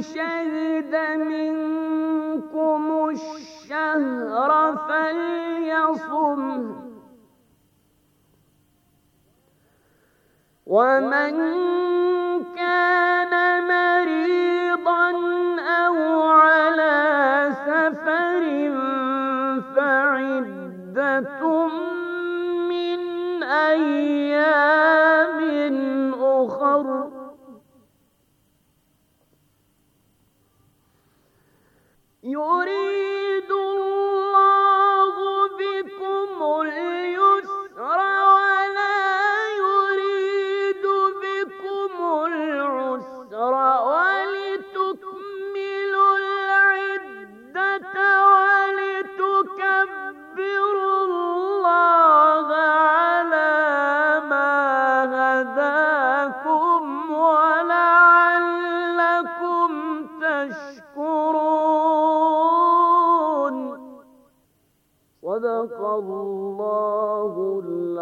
شهد منكم الشهر فليصم ومن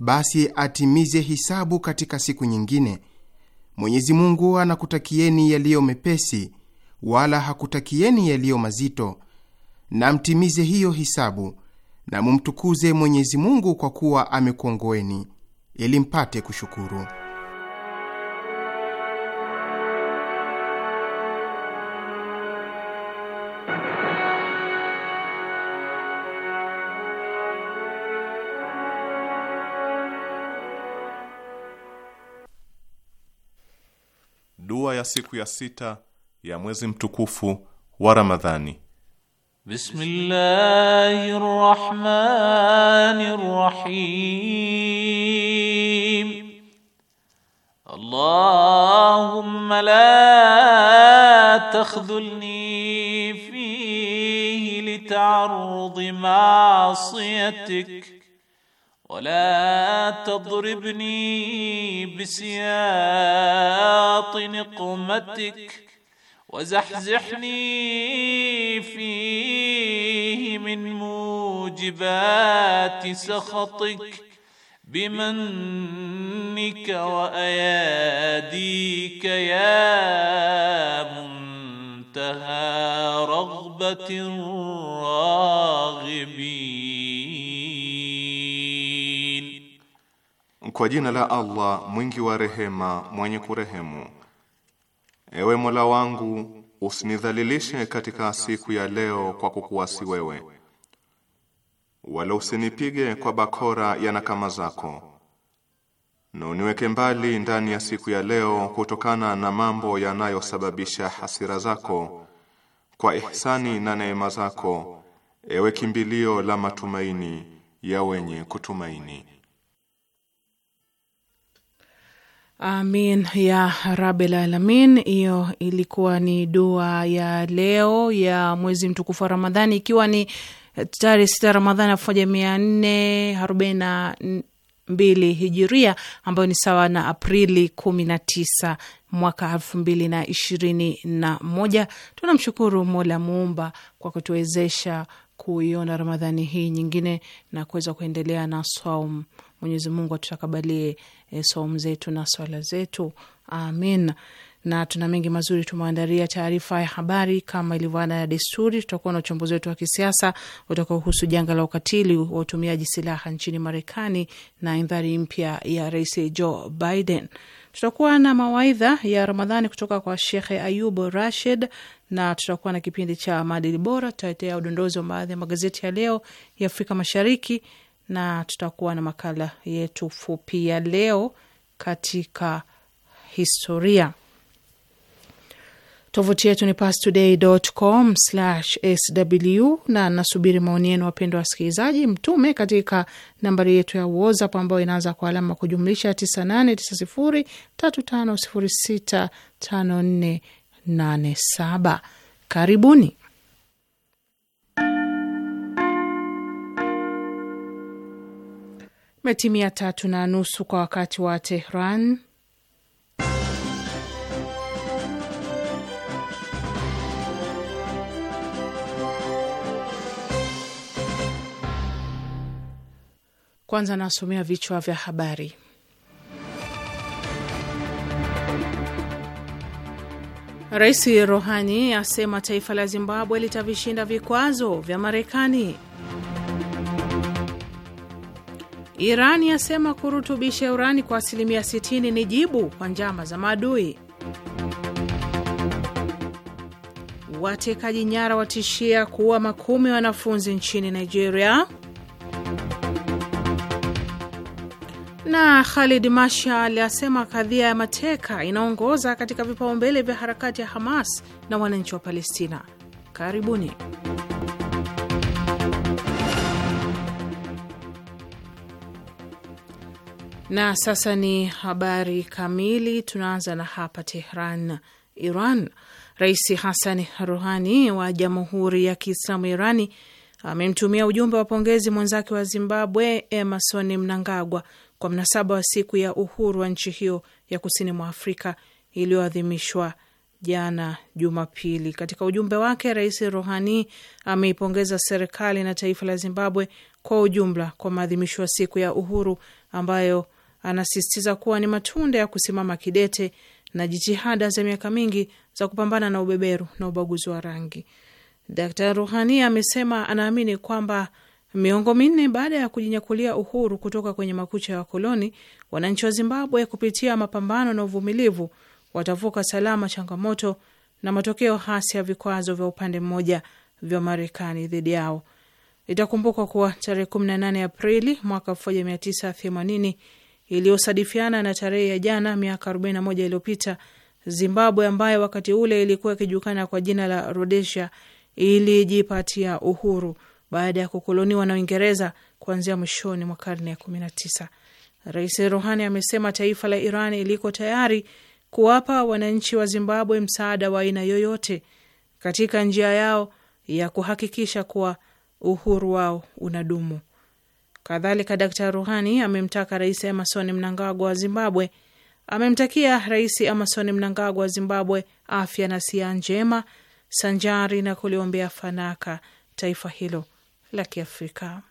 basi atimize hisabu katika siku nyingine. Mwenyezi Mungu anakutakieni yaliyo mepesi, wala hakutakieni yaliyo mazito, na mtimize hiyo hisabu na mumtukuze Mwenyezi Mungu kwa kuwa amekuongoeni ili mpate kushukuru. ya siku ya sita ya mwezi mtukufu wa Ramadhani. Bismillahir Rahmanir Rahim. Allahumma la takhdhulni fihi li ta'arrudi ma'siyatik ولا تضربني بسياط نقمتك وزحزحني فيه من موجبات سخطك بمنك واياديك يا منتهى رغبه الراغبين Kwa jina la Allah mwingi wa rehema mwenye kurehemu. Ewe Mola wangu usinidhalilishe katika siku ya leo kwa kukuasi wewe, wala usinipige kwa bakora ya nakama zako, na uniweke mbali ndani ya siku ya leo kutokana na mambo yanayosababisha hasira zako, kwa ihsani na neema zako, ewe kimbilio la matumaini ya wenye kutumaini. Amin ya rabel alamin. Hiyo ilikuwa ni dua ya leo ya mwezi mtukufu wa Ramadhani, ikiwa ni tarehe sita Ramadhani elfu moja mia nne arobaini na mbili hijiria ambayo ni sawa na Aprili kumi na tisa mwaka elfu mbili na ishirini na moja. Tunamshukuru Mola muumba kwa kutuwezesha kuiona Ramadhani hii nyingine na kuweza kuendelea na saum. Mwenyezi Mungu atutakabalie e, saumu zetu na swala zetu, amin. Na tuna mengi mazuri tumeandalia. Taarifa ya habari kama ilivyoana ya desturi, tutakuwa na uchambuzi wetu wa kisiasa utakaohusu janga la ukatili wa utumiaji silaha nchini Marekani na indhari mpya ya Rais Joe Biden. Tutakuwa na mawaidha ya Ramadhani kutoka kwa Shekhe ayub Rashid na tutakuwa na kipindi cha maadili bora. Tutaletea udondozi wa baadhi ya magazeti ya leo ya Afrika Mashariki na tutakuwa na makala yetu fupi ya leo katika historia. Tovuti yetu ni pastoday.com sw, na nasubiri maoni yenu, wapendwa wasikilizaji. Mtume katika nambari yetu ya WhatsApp ambayo inaanza kwa alama kujumlisha 989035065487. Karibuni. Metimia tatu na nusu kwa wakati wa Tehran Kwanza nasomea vichwa vya habari. Rais Rohani asema taifa la Zimbabwe litavishinda vikwazo vya Marekani. Iran yasema kurutubisha urani kwa asilimia 60 ni jibu kwa njama za maadui. Watekaji nyara watishia kuua makumi wanafunzi nchini Nigeria. Na Khalid Mashal asema kadhia ya mateka inaongoza katika vipaumbele vya harakati ya Hamas na wananchi wa Palestina. Karibuni. Na sasa ni habari kamili. Tunaanza na hapa Tehran, Iran. Rais Hassan Rouhani wa Jamhuri ya Kiislamu Irani amemtumia ujumbe wa pongezi mwenzake wa Zimbabwe Emerson Mnangagwa kwa mnasaba wa siku ya uhuru wa nchi hiyo ya kusini mwa Afrika iliyoadhimishwa jana Jumapili. Katika ujumbe wake, Rais Rohani ameipongeza serikali na taifa la Zimbabwe kwa ujumla kwa maadhimisho ya siku ya uhuru ambayo anasisitiza kuwa ni matunda ya kusimama kidete na jitihada za miaka mingi za kupambana na ubeberu na ubaguzi wa rangi. Dkt. Ruhani amesema anaamini kwamba Miongo minne baada ya kujinyakulia uhuru kutoka kwenye makucha ya wakoloni, wananchi wa Zimbabwe kupitia mapambano na uvumilivu watavuka salama changamoto na matokeo hasi ya vikwazo vya upande mmoja vya Marekani dhidi yao. Itakumbukwa kuwa tarehe 18 Aprili mwaka 1980 iliyosadifiana na tarehe ya jana miaka 41 iliyopita, Zimbabwe ambayo wakati ule ilikuwa ikijulikana kwa jina la Rhodesia ilijipatia uhuru baada ya kukoloniwa na Uingereza kuanzia mwishoni mwa karne ya 19. Rais Rohani amesema taifa la Iran iliko tayari kuwapa wananchi wa Zimbabwe msaada wa aina yoyote katika njia yao ya kuhakikisha kuwa uhuru wao unadumu. Kadhalika, Dkt Ruhani amemtaka Rais Emerson Mnangagwa wa Zimbabwe amemtakia Rais Emerson Mnangagwa wa Zimbabwe afya na sia njema sanjari na kuliombea fanaka taifa hilo la Kiafrika.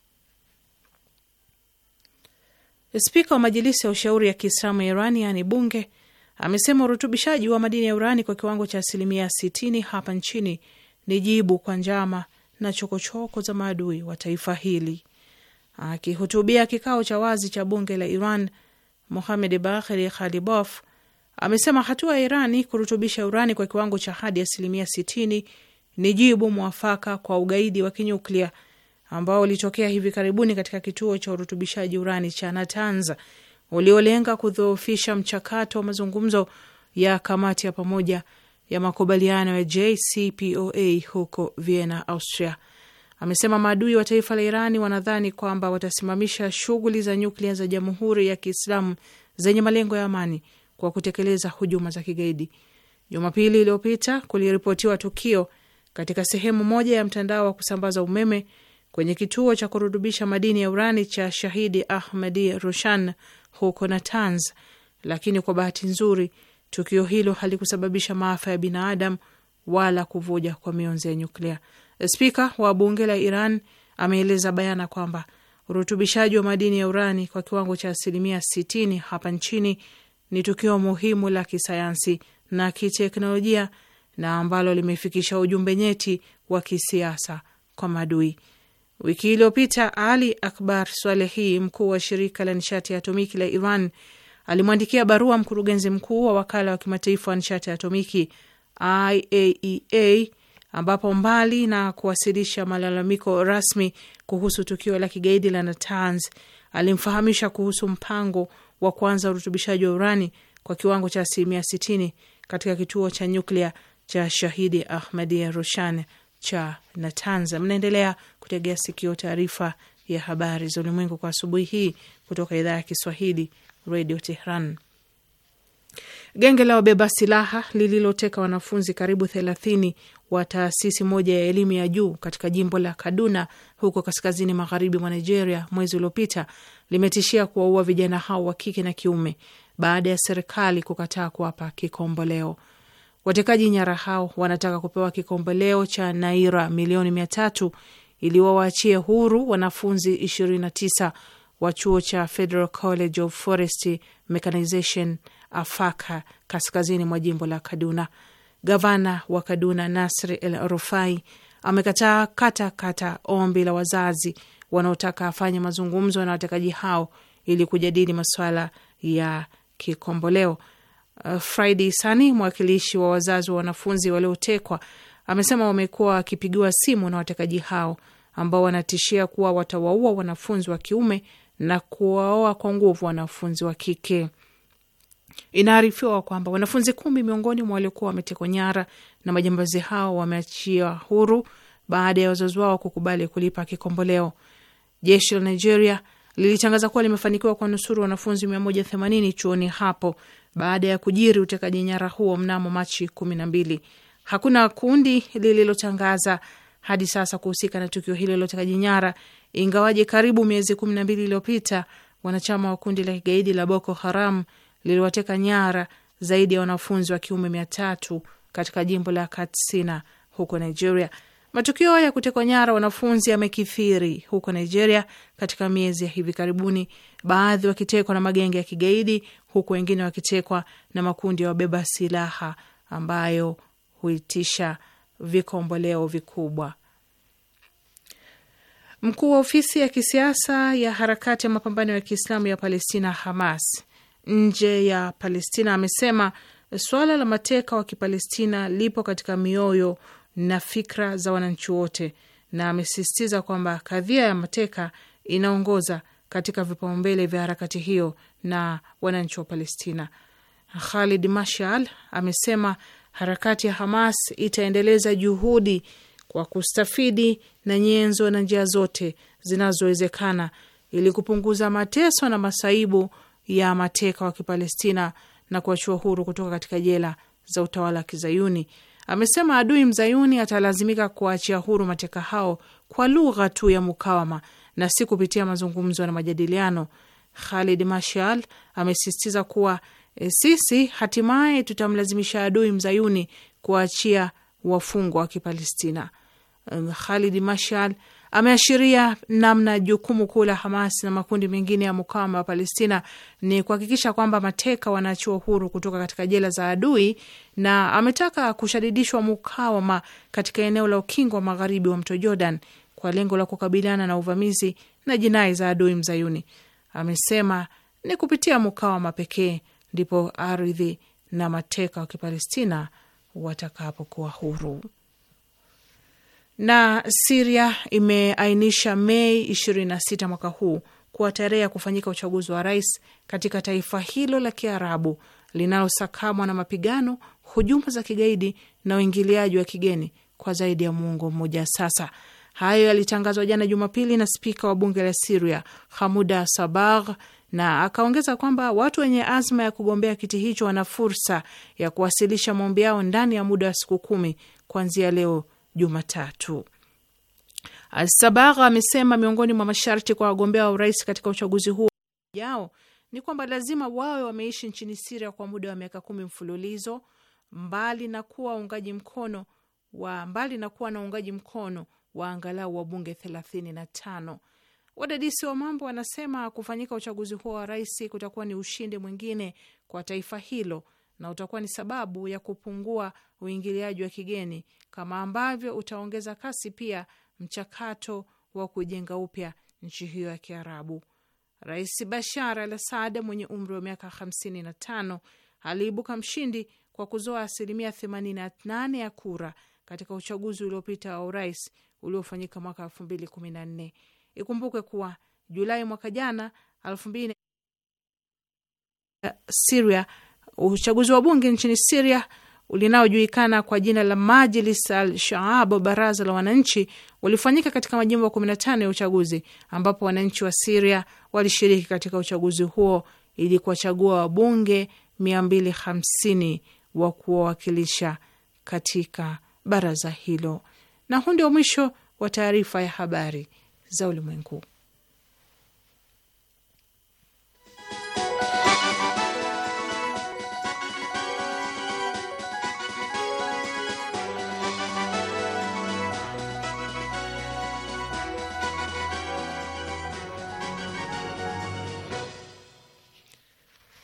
Spika wa Majilisi ya Ushauri ya Kiislamu ya Iran, yaani bunge, amesema urutubishaji wa madini ya urani kwa kiwango cha asilimia 60 hapa nchini ni jibu kwa njama na chokochoko choko za maadui wa taifa hili. Akihutubia kikao cha wazi cha bunge la Iran, Mohamed Bakhri Khalibof amesema hatua ya Irani kurutubisha urani kwa kiwango cha hadi asilimia 60 ni jibu mwafaka kwa ugaidi wa kinyuklia ambao ulitokea hivi karibuni katika kituo cha urutubishaji urani cha natanza uliolenga kudhoofisha mchakato wa mazungumzo ya kamati ya pamoja ya makubaliano ya JCPOA huko Vienna, Austria. Amesema maadui wa taifa la Irani wanadhani kwamba watasimamisha shughuli za nyuklia za Jamhuri ya Kiislamu zenye malengo ya amani kwa kutekeleza hujuma za kigaidi. Jumapili iliyopita kuliripotiwa tukio katika sehemu moja ya mtandao wa kusambaza umeme kwenye kituo cha kurutubisha madini ya urani cha Shahidi Ahmadi Roshan huko Natanz, lakini kwa bahati nzuri tukio hilo halikusababisha maafa ya binadamu wala kuvuja kwa mionzi ya nyuklia. Spika wa bunge la Iran ameeleza bayana kwamba urutubishaji wa madini ya urani kwa kiwango cha asilimia sitini hapa nchini ni tukio muhimu la kisayansi na kiteknolojia na ambalo limefikisha ujumbe nyeti wa kisiasa kwa maadui. Wiki iliyopita Ali Akbar Swalehi, mkuu wa shirika la nishati ya atomiki la Iran, alimwandikia barua mkurugenzi mkuu wa wakala wa kimataifa wa nishati ya atomiki IAEA, e ambapo mbali na kuwasilisha malalamiko rasmi kuhusu tukio la kigaidi la Natanz, alimfahamisha kuhusu mpango wa kuanza urutubishaji wa urani kwa kiwango cha asilimia 60 katika kituo cha nyuklia cha Shahidi Ahmadia Roshan cha Natanza. Mnaendelea kutegea sikio taarifa ya habari za ulimwengu kwa asubuhi hii kutoka idhaa ya Kiswahili Radio Tehran. Genge la wabeba silaha lililoteka wanafunzi karibu thelathini wa taasisi moja ya elimu ya juu katika jimbo la Kaduna huko kaskazini magharibi mwa Nigeria mwezi uliopita limetishia kuwaua vijana hao wa kike na kiume baada ya serikali kukataa kuwapa kikomboleo. Watekaji nyara hao wanataka kupewa kikomboleo cha naira milioni mia tatu ili wawaachie huru wanafunzi 29 wa chuo cha Federal College of forest Mechanization Afaka kaskazini mwa jimbo la Kaduna. Gavana wa Kaduna Nasri El Rufai amekataa kata kata ombi la wazazi wanaotaka afanye mazungumzo na watekaji hao ili kujadili masuala ya kikomboleo. Uh, Friday sani mwakilishi wa wazazi wa wanafunzi waliotekwa, amesema wamekuwa wakipigiwa simu na watekaji hao ambao wanatishia kuwa watawaua wanafunzi wa kiume na kuwaoa kwa nguvu wanafunzi wa kike. Inaarifiwa kwamba wanafunzi kumi miongoni mwa waliokuwa wametekwa nyara na majambazi hao wameachia huru baada ya wazazi wao kukubali kulipa kikomboleo. Jeshi la Nigeria lilitangaza kuwa limefanikiwa kwa nusuru wanafunzi 180 chuoni hapo baada ya kujiri utekaji nyara huo mnamo Machi kumi na mbili. Hakuna kundi lililotangaza hadi sasa kuhusika na tukio hilo la utekaji nyara, ingawaje karibu miezi kumi na mbili iliyopita wanachama wa kundi la kigaidi la Boko Haram liliwateka nyara zaidi ya wanafunzi wa kiume mia tatu katika jimbo la Katsina huko Nigeria. Matukio ya kutekwa nyara wanafunzi yamekithiri huko Nigeria katika miezi ya hivi karibuni, baadhi wakitekwa na magenge ya kigaidi, huku wengine wakitekwa na makundi ya wabeba silaha ambayo huitisha vikomboleo vikubwa. Mkuu wa ofisi ya kisiasa ya harakati ya mapambano ya Kiislamu ya Palestina, Hamas, nje ya Palestina amesema suala la mateka wa Kipalestina lipo katika mioyo na fikra za wananchi wote, na amesisitiza kwamba kadhia ya mateka inaongoza katika vipaumbele vya harakati hiyo na wananchi wa Palestina. Khalid Mashal amesema harakati ya Hamas itaendeleza juhudi kwa kustafidi na nyenzo na njia zote zinazowezekana ili kupunguza mateso na masaibu ya mateka wa Kipalestina na kuachiwa huru kutoka katika jela za utawala wa Kizayuni amesema adui mzayuni atalazimika kuwaachia huru mateka hao kwa lugha tu ya mukawama na si kupitia mazungumzo na majadiliano. Khalid Mashal amesisitiza kuwa e, sisi hatimaye tutamlazimisha adui mzayuni kuwaachia wafungwa wa Kipalestina. Um, Khalid Mashal Ameashiria namna jukumu kuu la Hamas na makundi mengine ya mukawama wa Palestina ni kuhakikisha kwamba mateka wanaachiwa huru kutoka katika jela za adui, na ametaka kushadidishwa mukawama katika eneo la ukingo wa magharibi wa mto Jordan kwa lengo la kukabiliana na uvamizi na jinai za adui mzayuni. Amesema ni kupitia mukawama pekee ndipo ardhi na mateka wa Kipalestina watakapokuwa huru. Na Siria imeainisha Mei 26 mwaka huu kuwa tarehe ya kufanyika uchaguzi wa rais katika taifa hilo la Kiarabu linalosakamwa na mapigano, hujuma za kigaidi na uingiliaji wa kigeni kwa zaidi ya muongo mmoja sasa. Hayo yalitangazwa jana Jumapili na spika wa bunge la Siria Hamuda Sabagh, na akaongeza kwamba watu wenye azma ya kugombea kiti hicho wana fursa ya kuwasilisha maombi yao ndani ya muda wa siku kumi kuanzia leo Jumatatu. Sabagha amesema miongoni mwa masharti kwa wagombea wa urais katika uchaguzi huo ujao ni kwamba lazima wawe wameishi nchini Siria kwa muda wa miaka kumi mfululizo, mbali na kuwa uungaji mkono wa mbali na kuwa na uungaji mkono wa angalau wabunge thelathini na tano. Wadadisi wa mambo wanasema kufanyika uchaguzi huo wa rais kutakuwa ni ushindi mwingine kwa taifa hilo na utakuwa ni sababu ya kupungua uingiliaji wa kigeni, kama ambavyo utaongeza kasi pia mchakato wa kujenga upya nchi hiyo ya Kiarabu. Rais Bashar al Asad mwenye umri wa miaka 55 aliibuka mshindi kwa kuzoa asilimia 88 ya kura katika uchaguzi uliopita wa urais uliofanyika mwaka 2014. Ikumbukwe kuwa Julai mwaka jana 2000 Syria Uchaguzi wa bunge nchini Siria linaojulikana kwa jina la Majlis al Shaab, baraza la wananchi, ulifanyika katika majimbo 15 ya uchaguzi, ambapo wananchi wa Siria walishiriki katika uchaguzi huo ili kuwachagua wabunge 250 wa kuwawakilisha katika baraza hilo. Na huu ndio mwisho wa taarifa ya habari za ulimwengu.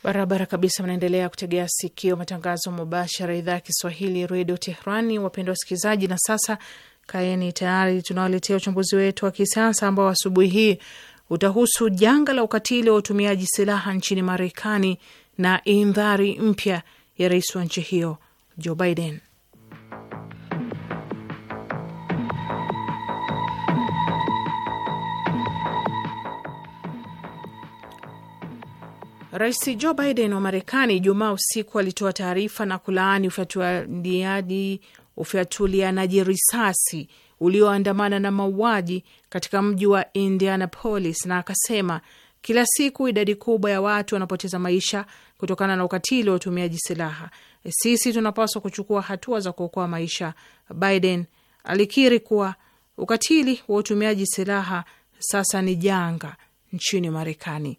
Barabara kabisa, mnaendelea kutegea sikio matangazo mubashara, idhaa ya Kiswahili redio Tehrani. Wapendwa wasikilizaji, na sasa kaeni tayari, tunawaletea uchambuzi wetu wa kisiasa ambao asubuhi hii utahusu janga la ukatili wa utumiaji silaha nchini Marekani na indhari mpya ya rais wa nchi hiyo Joe Biden. Rais Joe Biden wa Marekani jumaa usiku alitoa taarifa na kulaani ufyatuliaji ufyatulianaji risasi ulioandamana na mauaji katika mji wa Indianapolis, na akasema kila siku idadi kubwa ya watu wanapoteza maisha kutokana na ukatili wa utumiaji silaha. Sisi tunapaswa kuchukua hatua za kuokoa maisha. Biden alikiri kuwa ukatili wa utumiaji silaha sasa ni janga nchini Marekani.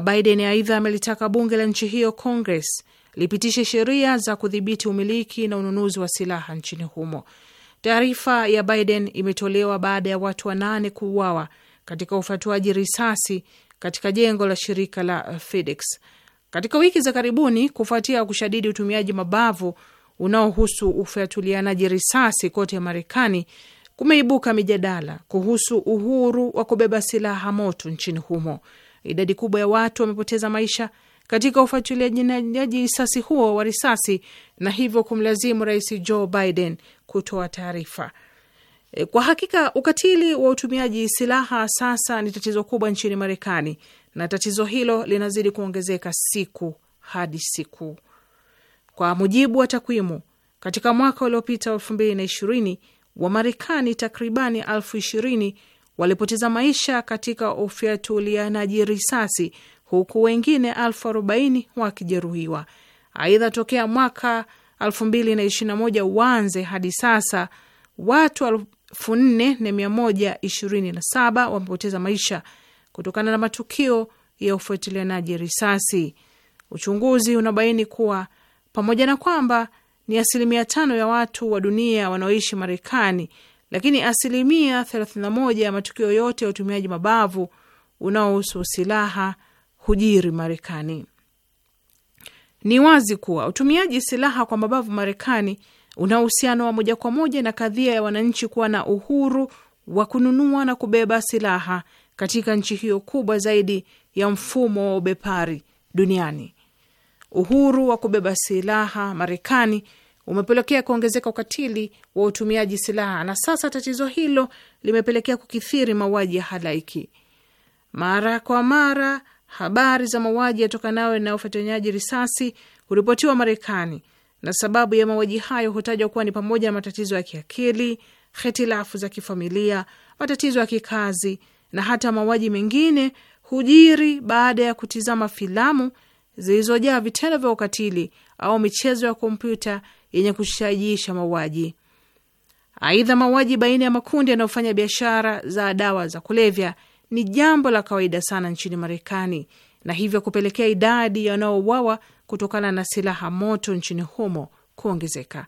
Biden aidha amelitaka bunge la nchi hiyo Congress lipitishe sheria za kudhibiti umiliki na ununuzi wa silaha nchini humo. Taarifa ya Biden imetolewa baada ya watu wanane kuuawa katika ufatuaji risasi katika jengo la shirika la FedEx katika wiki za karibuni kufuatia kushadidi utumiaji mabavu unaohusu ufyatulianaji risasi kote Marekani. Kumeibuka mijadala kuhusu uhuru wa kubeba silaha moto nchini humo idadi kubwa ya watu wamepoteza maisha katika ufuatiliaji risasi huo wa risasi na hivyo kumlazimu rais Joe Biden kutoa taarifa. E, kwa hakika ukatili wa utumiaji silaha sasa ni tatizo kubwa nchini Marekani, na tatizo hilo linazidi kuongezeka siku hadi siku. Kwa mujibu wa takwimu, katika mwaka uliopita elfu mbili na ishirini Wamarekani takribani elfu ishirini walipoteza maisha katika ufyatulianaji risasi huku wengine elfu arobaini wakijeruhiwa. Aidha, tokea mwaka 2021 uanze hadi sasa watu 4127 wamepoteza maisha kutokana na matukio ya ufuatilianaji risasi. Uchunguzi unabaini kuwa pamoja na kwamba ni asilimia tano ya watu wa dunia wanaoishi Marekani, lakini asilimia 31 ya matukio yote ya utumiaji mabavu unaohusu silaha hujiri Marekani. Ni wazi kuwa utumiaji silaha kwa mabavu Marekani una uhusiano wa moja kwa moja na kadhia ya wananchi kuwa na uhuru wa kununua na kubeba silaha katika nchi hiyo kubwa zaidi ya mfumo wa ubepari duniani. Uhuru wa kubeba silaha Marekani umepelekea kuongezeka ukatili wa utumiaji silaha, na sasa tatizo hilo limepelekea kukithiri mauaji ya halaiki. Mara kwa mara habari za mauaji yatokanayo na ufatanyaji risasi huripotiwa Marekani, na sababu ya mauaji hayo hutajwa kuwa ni pamoja na matatizo ya kiakili, hitilafu za kifamilia, matatizo ya kikazi na hata mauaji mengine hujiri baada ya kutizama filamu zilizojaa vitendo vya ukatili au michezo ya kompyuta yenye kushajiisha mauaji. Aidha, mauaji baina ya makundi yanayofanya biashara za dawa za kulevya ni jambo la kawaida sana nchini Marekani na hivyo kupelekea idadi yanaowawa kutokana na silaha moto nchini humo kuongezeka,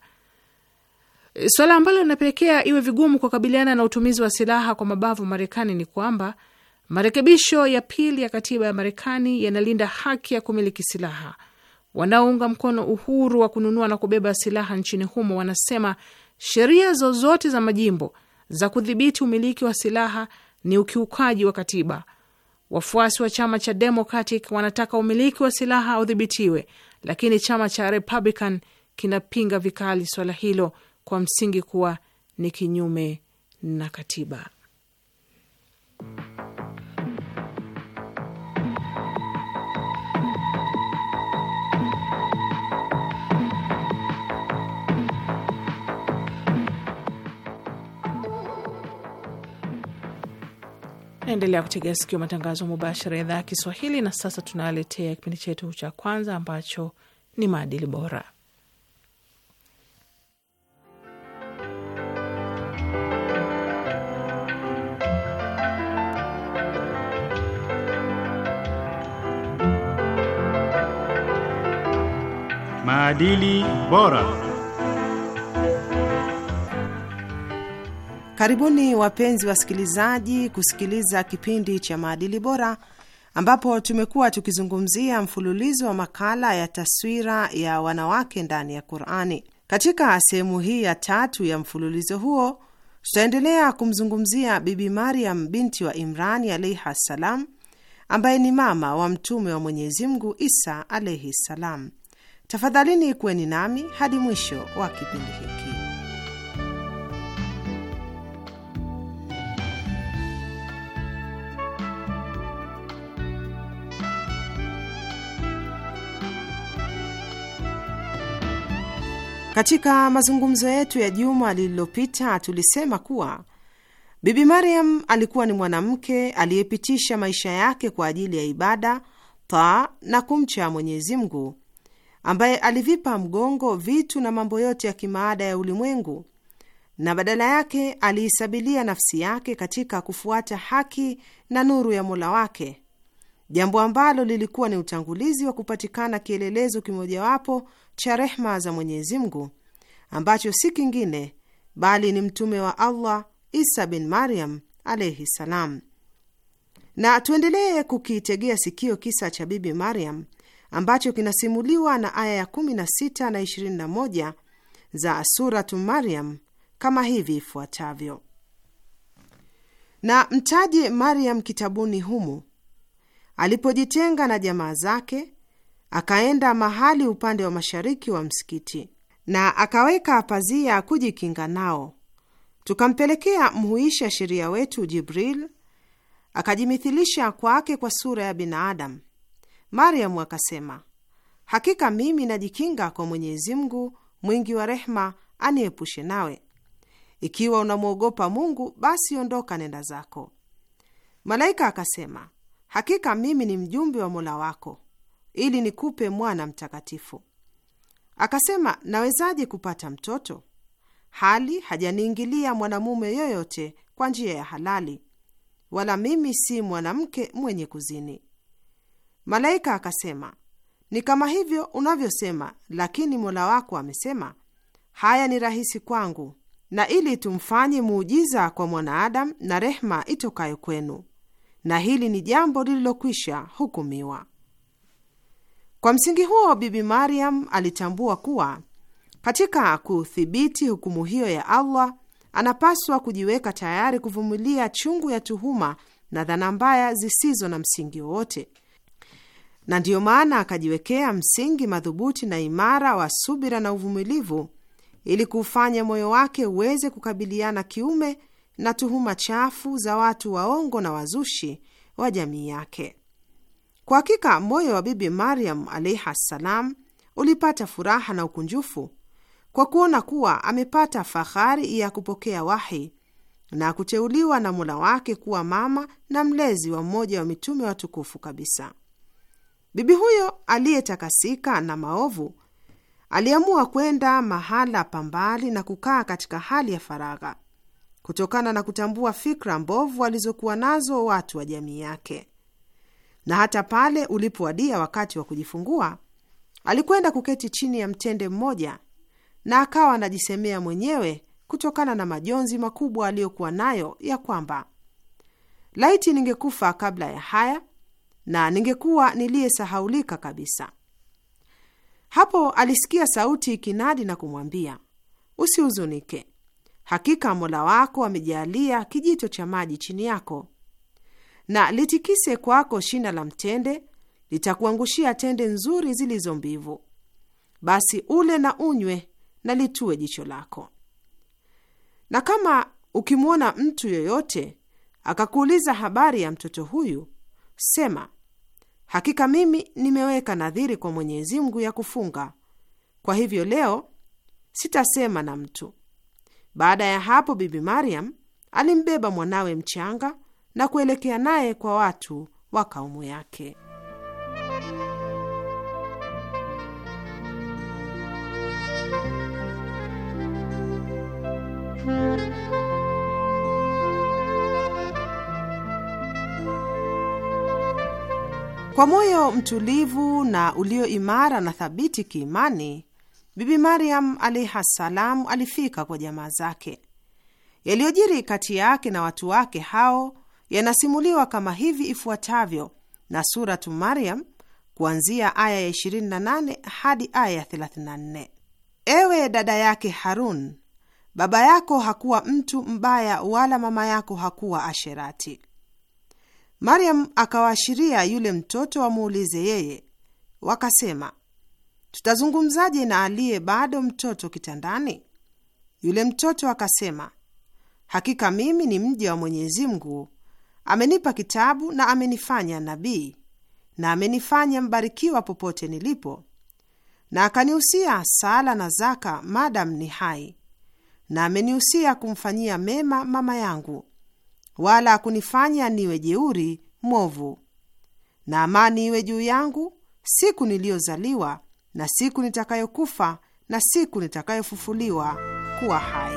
swala ambalo linapelekea iwe vigumu kukabiliana na utumizi wa silaha kwa mabavu Marekani. Ni kwamba marekebisho ya pili ya katiba ya Marekani yanalinda haki ya kumiliki silaha Wanaounga mkono uhuru wa kununua na kubeba silaha nchini humo wanasema sheria zozote za majimbo za kudhibiti umiliki wa silaha ni ukiukaji wa katiba. Wafuasi wa chama cha Democratic wanataka umiliki wa silaha udhibitiwe, lakini chama cha Republican kinapinga vikali swala hilo kwa msingi kuwa ni kinyume na katiba. Naendelea kutegea sikio matangazo mubashara ya idhaa ya Kiswahili. Na sasa tunawaletea kipindi chetu cha kwanza ambacho ni maadili bora. Maadili bora. Karibuni wapenzi wasikilizaji, kusikiliza kipindi cha maadili bora, ambapo tumekuwa tukizungumzia mfululizo wa makala ya taswira ya wanawake ndani ya Qurani. Katika sehemu hii ya tatu ya mfululizo huo tutaendelea kumzungumzia Bibi Mariam binti wa Imrani alaihi ssalam, ambaye ni mama wa mtume wa Mwenyezi Mungu Isa alaihi ssalam. Tafadhalini kuweni nami hadi mwisho wa kipindi hiki. Katika mazungumzo yetu ya juma lililopita tulisema kuwa Bibi Mariam alikuwa ni mwanamke aliyepitisha maisha yake kwa ajili ya ibada, taa na kumcha Mwenyezi Mungu, ambaye alivipa mgongo vitu na mambo yote ya kimaada ya ulimwengu, na badala yake aliisabilia nafsi yake katika kufuata haki na nuru ya Mola wake jambo ambalo lilikuwa ni utangulizi wa kupatikana kielelezo kimojawapo cha rehma za Mwenyezi Mungu ambacho si kingine bali ni mtume wa Allah Isa bin Maryam alaihi salam. Na tuendelee kukiitegea sikio kisa cha Bibi Maryam ambacho kinasimuliwa na aya ya 16 na 21 za Suratu Maryam kama hivi ifuatavyo: na mtaje Maryam kitabuni humu Alipojitenga na jamaa zake, akaenda mahali upande wa mashariki wa msikiti na akaweka pazia kujikinga nao. Tukampelekea mhuisha sheria wetu Jibril, akajimithilisha kwake kwa sura ya binadamu. Mariamu akasema, hakika mimi najikinga kwa Mwenyezi Mungu mwingi wa rehma aniepushe nawe. Ikiwa unamwogopa Mungu, basi ondoka, nenda zako. Malaika akasema, hakika mimi ni mjumbe wa Mola wako ili nikupe mwana mtakatifu. Akasema, nawezaje kupata mtoto hali hajaniingilia mwanamume yoyote kwa njia ya halali, wala mimi si mwanamke mwenye kuzini? Malaika akasema, ni kama hivyo unavyosema, lakini Mola wako amesema haya ni rahisi kwangu, na ili tumfanye muujiza kwa mwanaadamu na rehma itokayo kwenu na hili ni jambo lililokwisha hukumiwa. Kwa msingi huo, Bibi Mariam alitambua kuwa katika kuthibiti hukumu hiyo ya Allah anapaswa kujiweka tayari kuvumilia chungu ya tuhuma na dhana mbaya zisizo na msingi wowote, na ndiyo maana akajiwekea msingi madhubuti na imara wa subira na uvumilivu ili kuufanya moyo wake uweze kukabiliana kiume na tuhuma chafu za watu waongo na wazushi wa jamii yake. Kwa hakika moyo wa Bibi mariam alaihi ssalam ulipata furaha na ukunjufu kwa kuona kuwa amepata fahari ya kupokea wahi na kuteuliwa na Mola wake kuwa mama na mlezi wa mmoja wa mitume watukufu kabisa. Bibi huyo aliyetakasika na maovu aliamua kwenda mahala pambali na kukaa katika hali ya faragha kutokana na kutambua fikra mbovu walizokuwa nazo watu wa jamii yake. Na hata pale ulipowadia wakati wa kujifungua, alikwenda kuketi chini ya mtende mmoja na akawa anajisemea mwenyewe kutokana na majonzi makubwa aliyokuwa nayo ya kwamba laiti ningekufa kabla ya haya na ningekuwa niliyesahaulika kabisa. Hapo alisikia sauti ikinadi na kumwambia, usihuzunike, Hakika Mola wako amejaalia kijito cha maji chini yako, na litikise kwako shina la mtende, litakuangushia tende nzuri zilizo mbivu, basi ule na unywe na litue jicho lako. Na kama ukimwona mtu yoyote akakuuliza habari ya mtoto huyu, sema, hakika mimi nimeweka nadhiri kwa Mwenyezi Mungu ya kufunga, kwa hivyo leo sitasema na mtu baada ya hapo, Bibi Mariam alimbeba mwanawe mchanga na kuelekea naye kwa watu wa kaumu yake. Kwa moyo mtulivu na ulio imara na thabiti kiimani Bibi Mariam alaihi ssalam alifika kwa jamaa zake. Yaliyojiri kati yake na watu wake hao yanasimuliwa kama hivi ifuatavyo na Suratu Mariam kuanzia aya ya 28 hadi aya ya 34. Ewe dada yake Harun, baba yako hakuwa mtu mbaya wala mama yako hakuwa asherati. Mariam akawaashiria yule mtoto wamuulize yeye, wakasema tutazungumzaje na aliye bado mtoto kitandani? Yule mtoto akasema, hakika mimi ni mja wa Mwenyezi Mungu, amenipa kitabu na amenifanya nabii na amenifanya mbarikiwa popote nilipo, na akanihusia sala na zaka madam ni hai, na amenihusia kumfanyia mema mama yangu, wala akunifanya niwe jeuri mwovu, na amani iwe juu yangu siku niliyozaliwa na siku nitakayokufa na siku nitakayofufuliwa kuwa hai.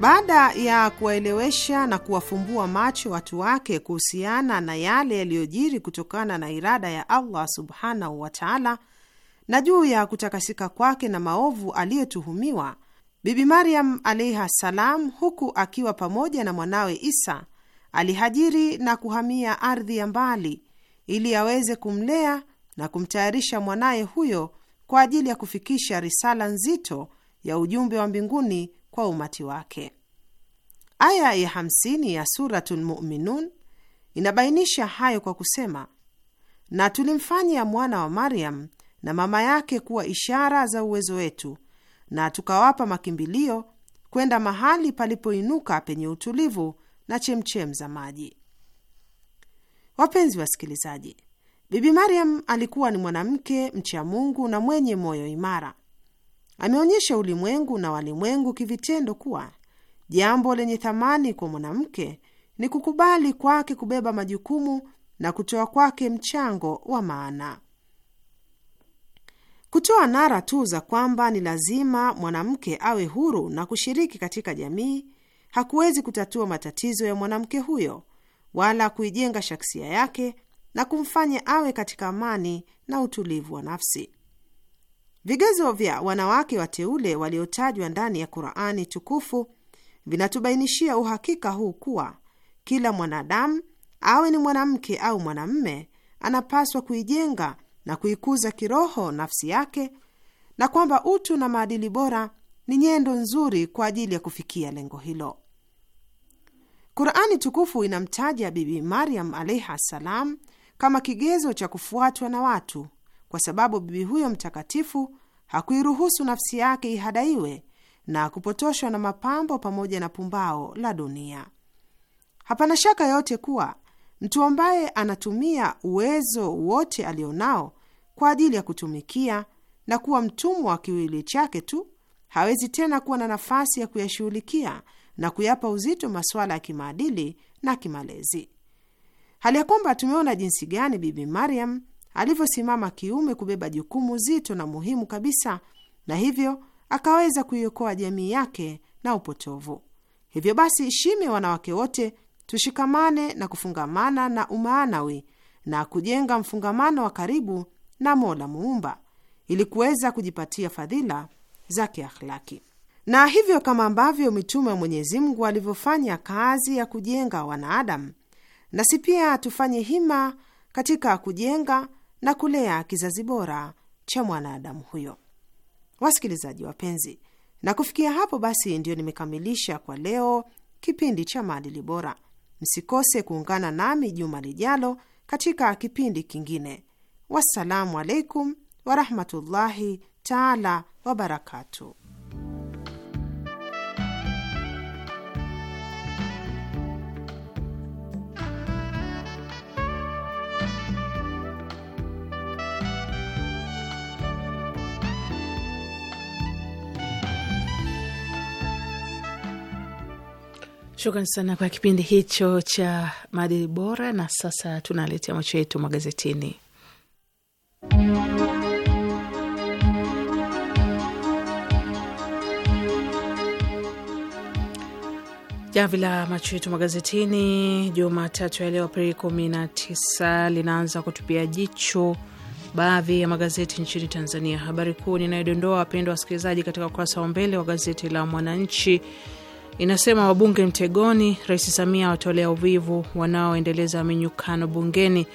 Baada ya kuwaelewesha na kuwafumbua macho watu wake kuhusiana na yale yaliyojiri kutokana na irada ya Allah subhanahu wa taala na juu ya kutakasika kwake na maovu aliyotuhumiwa, Bibi Mariam alaiha salam, huku akiwa pamoja na mwanawe Isa, alihajiri na kuhamia ardhi ya mbali ili aweze kumlea na kumtayarisha mwanaye huyo kwa ajili ya kufikisha risala nzito ya ujumbe wa mbinguni kwa umati wake. Aya ya hamsini ya Suratul Muminun inabainisha hayo kwa kusema, na tulimfanya mwana wa Maryam na mama yake kuwa ishara za uwezo wetu, na tukawapa makimbilio kwenda mahali palipoinuka penye utulivu na chemchem za maji. Wapenzi wasikilizaji, Bibi Mariam alikuwa ni mwanamke mcha Mungu na mwenye moyo imara. Ameonyesha ulimwengu na walimwengu kivitendo kuwa jambo lenye thamani kwa mwanamke ni kukubali kwake kubeba majukumu na kutoa kwake mchango wa maana kutoa nara tu za kwamba ni lazima mwanamke awe huru na kushiriki katika jamii hakuwezi kutatua matatizo ya mwanamke huyo wala kuijenga shaksia yake na kumfanya awe katika amani na utulivu wa nafsi. Vigezo vya wanawake wateule waliotajwa ndani ya Qur'ani tukufu vinatubainishia uhakika huu kuwa kila mwanadamu awe ni mwanamke au mwanamme, anapaswa kuijenga na kuikuza kiroho nafsi yake, na kwamba utu na maadili bora ni nyendo nzuri kwa ajili ya kufikia lengo hilo. Qurani tukufu inamtaja Bibi Maryam alaihi ssalam kama kigezo cha kufuatwa na watu, kwa sababu bibi huyo mtakatifu hakuiruhusu nafsi yake ihadaiwe na kupotoshwa na mapambo pamoja na pumbao la dunia. Hapana shaka yote kuwa mtu ambaye anatumia uwezo wote alionao kwa ajili ya kutumikia na kuwa mtumwa wa kiwili chake tu, hawezi tena kuwa na nafasi ya kuyashughulikia na kuyapa uzito masuala ya kimaadili na kimalezi, hali ya kwamba tumeona jinsi gani Bibi Mariam alivyosimama kiume kubeba jukumu zito na muhimu kabisa, na hivyo akaweza kuiokoa jamii yake na upotovu. Hivyo basi, shime wanawake wote tushikamane na kufungamana na umaanawi na kujenga mfungamano wa karibu na Mola Muumba ili kuweza kujipatia fadhila za kiakhlaki. Na hivyo kama ambavyo mitume wa Mwenyezi Mungu alivyofanya kazi ya kujenga wanaadamu, nasi pia tufanye hima katika kujenga na kulea kizazi bora cha mwanadamu huyo. Wasikilizaji wapenzi, na kufikia hapo basi ndiyo nimekamilisha kwa leo kipindi cha maadili bora. Msikose kuungana nami juma lijalo katika kipindi kingine Wassalamu alaikum warahmatullahi taala wabarakatu. Shukran sana kwa kipindi hicho cha maadili bora, na sasa tunaletea macho yetu magazetini. Jamvi la macho yetu magazetini Jumatatu ya leo Aprili 19 linaanza kutupia jicho baadhi ya magazeti nchini Tanzania. Habari kuu ninayodondoa, wapendwa wasikilizaji, katika ukurasa wa mbele wa gazeti la Mwananchi inasema wabunge mtegoni, Rais Samia watolea uvivu wanaoendeleza minyukano bungeni.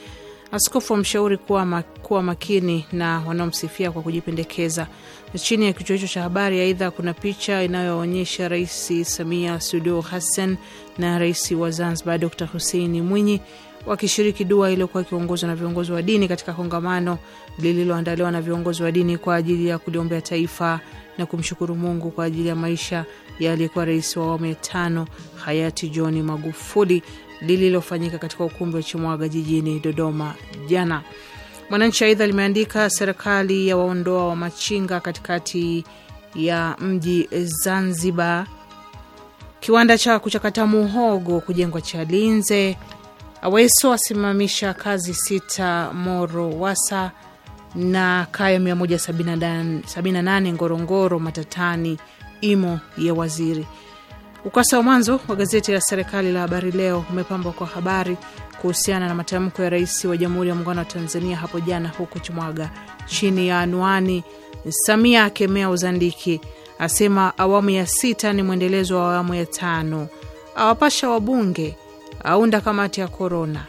Askofu amshauri kuwa, ma, kuwa makini na wanaomsifia kwa kujipendekeza. Chini ya kichwa hicho cha habari, aidha, kuna picha inayoonyesha Rais Samia Suluhu Hassan na rais wa Zanzibar Dr huseini Mwinyi wakishiriki dua iliyokuwa ikiongozwa na viongozi wa dini katika kongamano lililoandaliwa na viongozi wa dini kwa ajili ya kuliombea taifa na kumshukuru Mungu kwa ajili ya maisha ya aliyekuwa rais wa awamu ya tano hayati John Magufuli lililofanyika katika ukumbi wa Chimwaga jijini Dodoma jana. Mwananchi aidha limeandika serikali ya waondoa wa machinga katikati ya mji Zanzibar, kiwanda cha kuchakata muhogo kujengwa Chalinze, Aweso asimamisha kazi sita Morowasa, na kaya 178 Ngorongoro matatani imo ya waziri. Ukurasa wa mwanzo wa gazeti la serikali la Habari Leo umepambwa kwa habari kuhusiana na matamko ya rais wa Jamhuri ya Muungano wa Tanzania hapo jana huko Chimwaga chini ya anwani Samia akemea uzandiki, asema awamu ya sita ni mwendelezo wa awamu ya tano, awapasha wabunge, aunda kamati ya korona,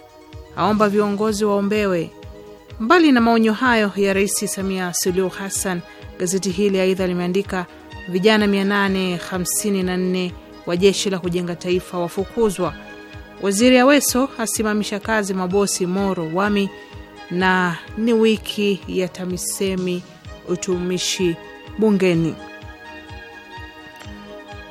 aomba viongozi waombewe. Mbali na maonyo hayo ya Rais Samia Suluhu Hassan, gazeti hili aidha limeandika vijana 854 wa jeshi la kujenga taifa wafukuzwa. Waziri Aweso asimamisha kazi mabosi Moro Wami, na ni wiki ya TAMISEMI utumishi bungeni.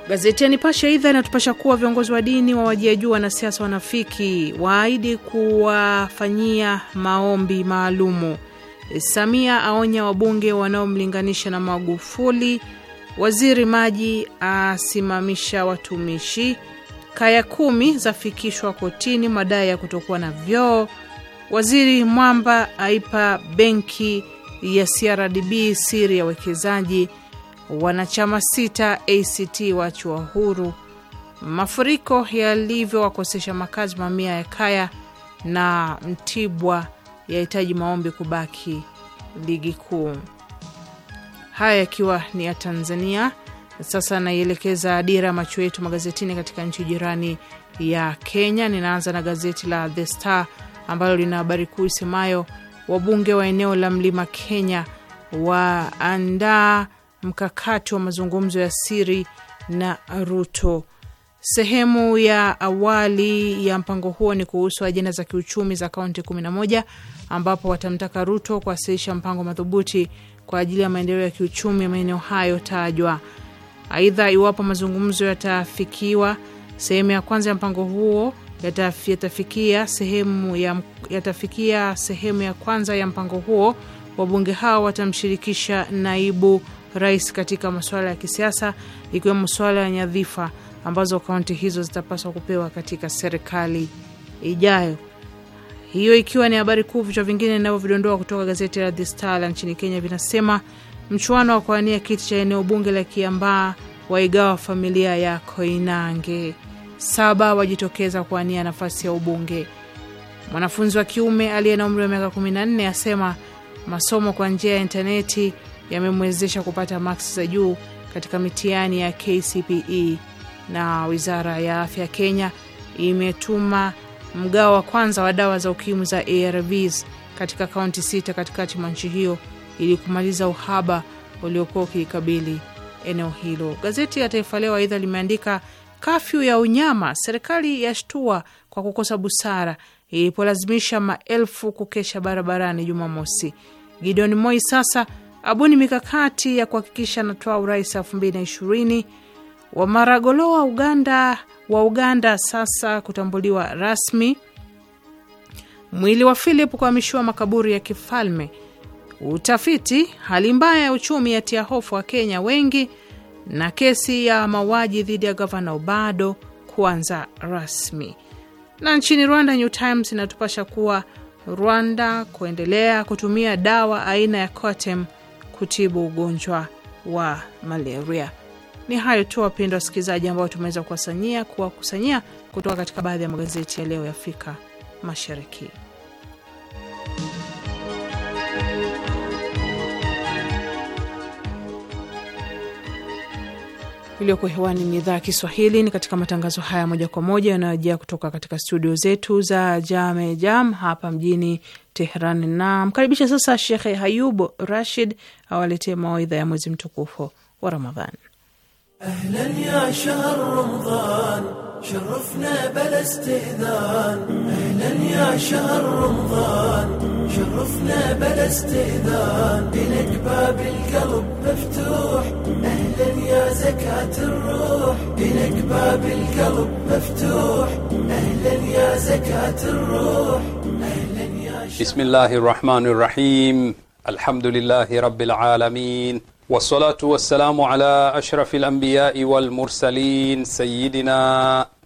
Gazeti ya Nipashe aidha inatupasha kuwa viongozi wa dini wawajia juu wanasiasa wanafiki, waahidi kuwafanyia maombi maalumu. Samia aonya wabunge wanaomlinganisha na Magufuli. Waziri maji asimamisha watumishi. Kaya kumi zafikishwa kotini madai ya kutokuwa na vyoo. Waziri Mwamba aipa benki ya CRDB siri ya wekezaji. Wanachama sita ACT waachwa huru. Mafuriko yalivyowakosesha makazi mamia ya kaya, na Mtibwa yahitaji maombi kubaki ligi kuu. Haya yakiwa ni ya Tanzania. Sasa naielekeza dira ya macho yetu magazetini katika nchi jirani ya Kenya. Ninaanza na gazeti la The Star ambalo lina habari kuu isemayo wabunge wa eneo la mlima Kenya waandaa mkakati wa mazungumzo ya siri na Ruto. Sehemu ya awali ya mpango huo ni kuhusu ajenda za kiuchumi za kaunti 11 ambapo watamtaka Ruto kuwasilisha mpango madhubuti kwa ajili ya maendeleo ya kiuchumi ya maeneo hayo tajwa. Aidha, iwapo mazungumzo yatafikiwa, sehemu ya kwanza ya mpango huo yatafikia sehemu ya, yatafikia sehemu ya kwanza ya mpango huo, wabunge hao watamshirikisha naibu rais katika masuala ya kisiasa, ikiwemo masuala ya nyadhifa ambazo kaunti hizo zitapaswa kupewa katika serikali ijayo. Hiyo ikiwa ni habari kuu. Vichwa vingine inavyovidondoa kutoka gazeti la The Star la nchini Kenya vinasema mchuano wa kuania kiti cha eneo bunge la Kiambaa waigawa familia ya Koinange, saba wajitokeza kuania nafasi ya ubunge. Mwanafunzi wa kiume aliye na umri wa miaka 14 asema masomo kwa njia ya intaneti yamemwezesha kupata maksi za juu katika mitihani ya KCPE. Na wizara ya afya Kenya imetuma mgao wa kwanza wa dawa za ukimwi za ARVs katika kaunti sita katikati mwa nchi hiyo ili kumaliza uhaba uliokuwa ukiikabili eneo hilo. Gazeti ya Taifa Leo aidha limeandika kafyu ya unyama, serikali yashtua kwa kukosa busara ilipolazimisha maelfu kukesha barabarani Jumamosi. Gideon Moi sasa abuni mikakati ya kuhakikisha anatoa urais elfu mbili na ishirini Wamaragolo wa Uganda wa Uganda sasa kutambuliwa rasmi. Mwili wa Philip kuhamishiwa makaburi ya kifalme. Utafiti hali mbaya ya uchumi yatia hofu wa Kenya wengi, na kesi ya mauaji dhidi ya gavana Obado kuanza rasmi. Na nchini Rwanda, New Times inatupasha kuwa Rwanda kuendelea kutumia dawa aina ya Cotem kutibu ugonjwa wa malaria. Ni hayo tu wapendwa wasikilizaji, ambao tumeweza kuwasanyia kuwakusanyia kutoka katika baadhi ya magazeti ya leo ya Afrika Mashariki. Iliyoko hewani ni idhaa ya Kiswahili. Ni katika matangazo haya moja kwa moja yanayojia kutoka katika studio zetu za Jame Jam hapa mjini Tehran. mkaribisha sasa Shekhe Hayub Rashid awaletee mawaidha ya mwezi mtukufu wa Ramadhani. أهلا يا شهر رمضان شرفنا بلا استئذان أهلا يا شهر رمضان شرفنا بلا استئذان إلك باب القلب مفتوح أهلا يا زكاة الروح إلك باب القلب مفتوح أهلا يا زكاة الروح أهلا يا بسم الله الرحمن الرحيم الحمد لله رب العالمين والصلاة والسلام على أشرف الأنبياء والمرسلين سيدنا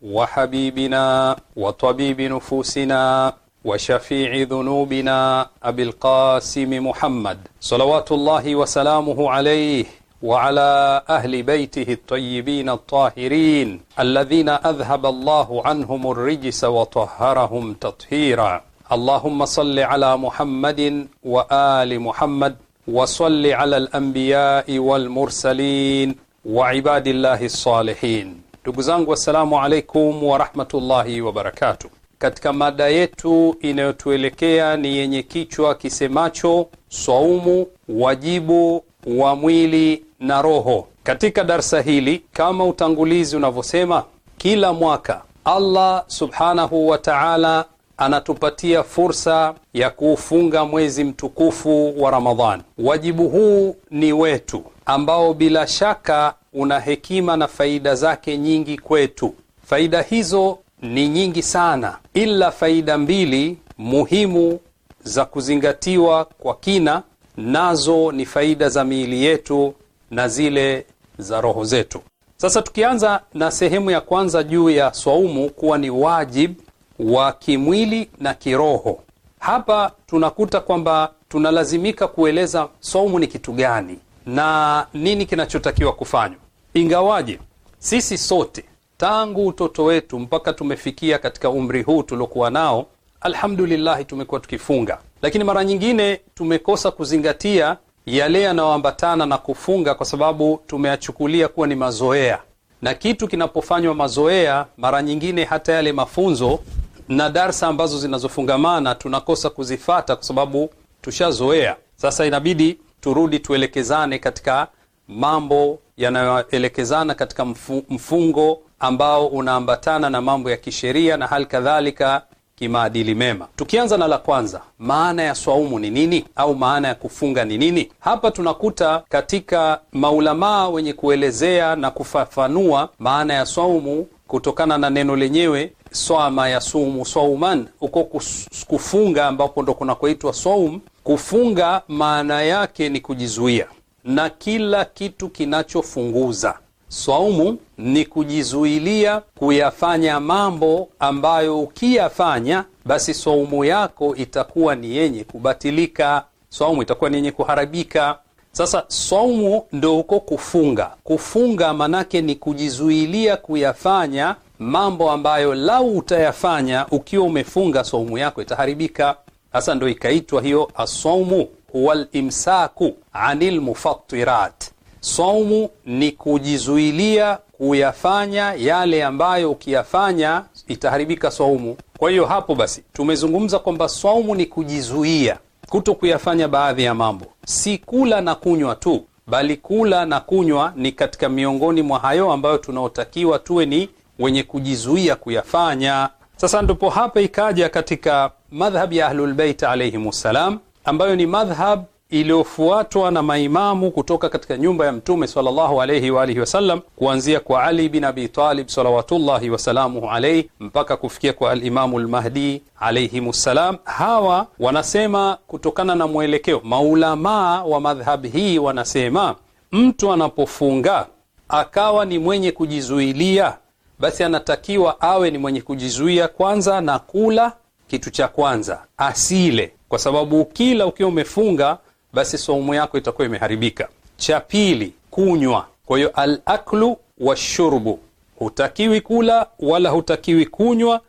وحبيبنا وطبيب نفوسنا وشفيع ذنوبنا أبي القاسم محمد صلوات الله وسلامه عليه وعلى أهل بيته الطيبين الطاهرين الذين أذهب الله عنهم الرجس وطهرهم تطهيرا اللهم صل على محمد وآل محمد وصل على الأنبياء والمرسلين وعباد الله الصالحين. Ndugu zangu, assalamu alaikum warahmatullahi wabarakatuh. Katika mada yetu inayotuelekea ni yenye kichwa kisemacho swaumu, wajibu wa mwili na roho. Katika darsa hili, kama utangulizi unavyosema, kila mwaka Allah subhanahu wa ta'ala anatupatia fursa ya kuufunga mwezi mtukufu wa Ramadhani. Wajibu huu ni wetu, ambao bila shaka una hekima na faida zake nyingi kwetu. Faida hizo ni nyingi sana, ila faida mbili muhimu za kuzingatiwa kwa kina, nazo ni faida za miili yetu na zile za roho zetu. Sasa tukianza na sehemu ya kwanza juu ya swaumu kuwa ni wajibu wa kimwili na kiroho. Hapa tunakuta kwamba tunalazimika kueleza somu ni kitu gani na nini kinachotakiwa kufanywa, ingawaje sisi sote tangu utoto wetu mpaka tumefikia katika umri huu tuliokuwa nao, alhamdulillahi, tumekuwa tukifunga, lakini mara nyingine tumekosa kuzingatia yale yanayoambatana na kufunga, kwa sababu tumeyachukulia kuwa ni mazoea, na kitu kinapofanywa mazoea, mara nyingine hata yale mafunzo na darsa ambazo zinazofungamana tunakosa kuzifata kwa sababu tushazoea. Sasa inabidi turudi tuelekezane katika mambo yanayoelekezana katika mfungo ambao unaambatana na mambo ya kisheria na hali kadhalika kimaadili mema. Tukianza na la kwanza, maana ya swaumu ni nini au maana ya kufunga ni nini? Hapa tunakuta katika maulamaa wenye kuelezea na kufafanua maana ya swaumu kutokana na neno lenyewe swama sumu sauman, uko kufunga ambapo ndo kunakoitwa saum. Kufunga maana yake ni kujizuia na kila kitu kinachofunguza. Saumu ni kujizuilia kuyafanya mambo ambayo ukiyafanya basi saumu yako itakuwa ni yenye kubatilika, saumu itakuwa ni yenye kuharibika. Sasa saumu ndo huko kufunga. Kufunga maanake ni kujizuilia kuyafanya mambo ambayo lau utayafanya ukiwa umefunga saumu yako itaharibika. sasa ndo ikaitwa hiyo asaumu walimsaku ani lmufatirat, Saumu ni kujizuilia kuyafanya yale ambayo ukiyafanya itaharibika saumu. Kwa hiyo hapo basi tumezungumza kwamba saumu ni kujizuia kuto kuyafanya baadhi ya mambo, si kula na kunywa tu, bali kula na kunywa ni katika miongoni mwa hayo ambayo tunaotakiwa tuwe ni wenye kujizuia kuyafanya. Sasa ndipo hapa ikaja katika madhhab ya Ahlulbeit alaihim ssalam, ambayo ni madhhab iliyofuatwa na maimamu kutoka katika nyumba ya Mtume sallallahu alayhi wa alihi wasallam, kuanzia kwa Ali bin Abi Talib salawatullahi wasalamuhu alayhi mpaka kufikia kwa Alimamu Lmahdi alayhim ssalam. Hawa wanasema kutokana na mwelekeo, maulamaa wa madhhab hii wanasema mtu anapofunga akawa ni mwenye kujizuilia basi anatakiwa awe ni mwenye kujizuia kwanza na kula kitu cha kwanza, asile, kwa sababu kila ukiwa umefunga basi saumu yako itakuwa imeharibika. Cha pili, kunywa. Kwa hiyo al aklu washurbu, hutakiwi kula wala hutakiwi kunywa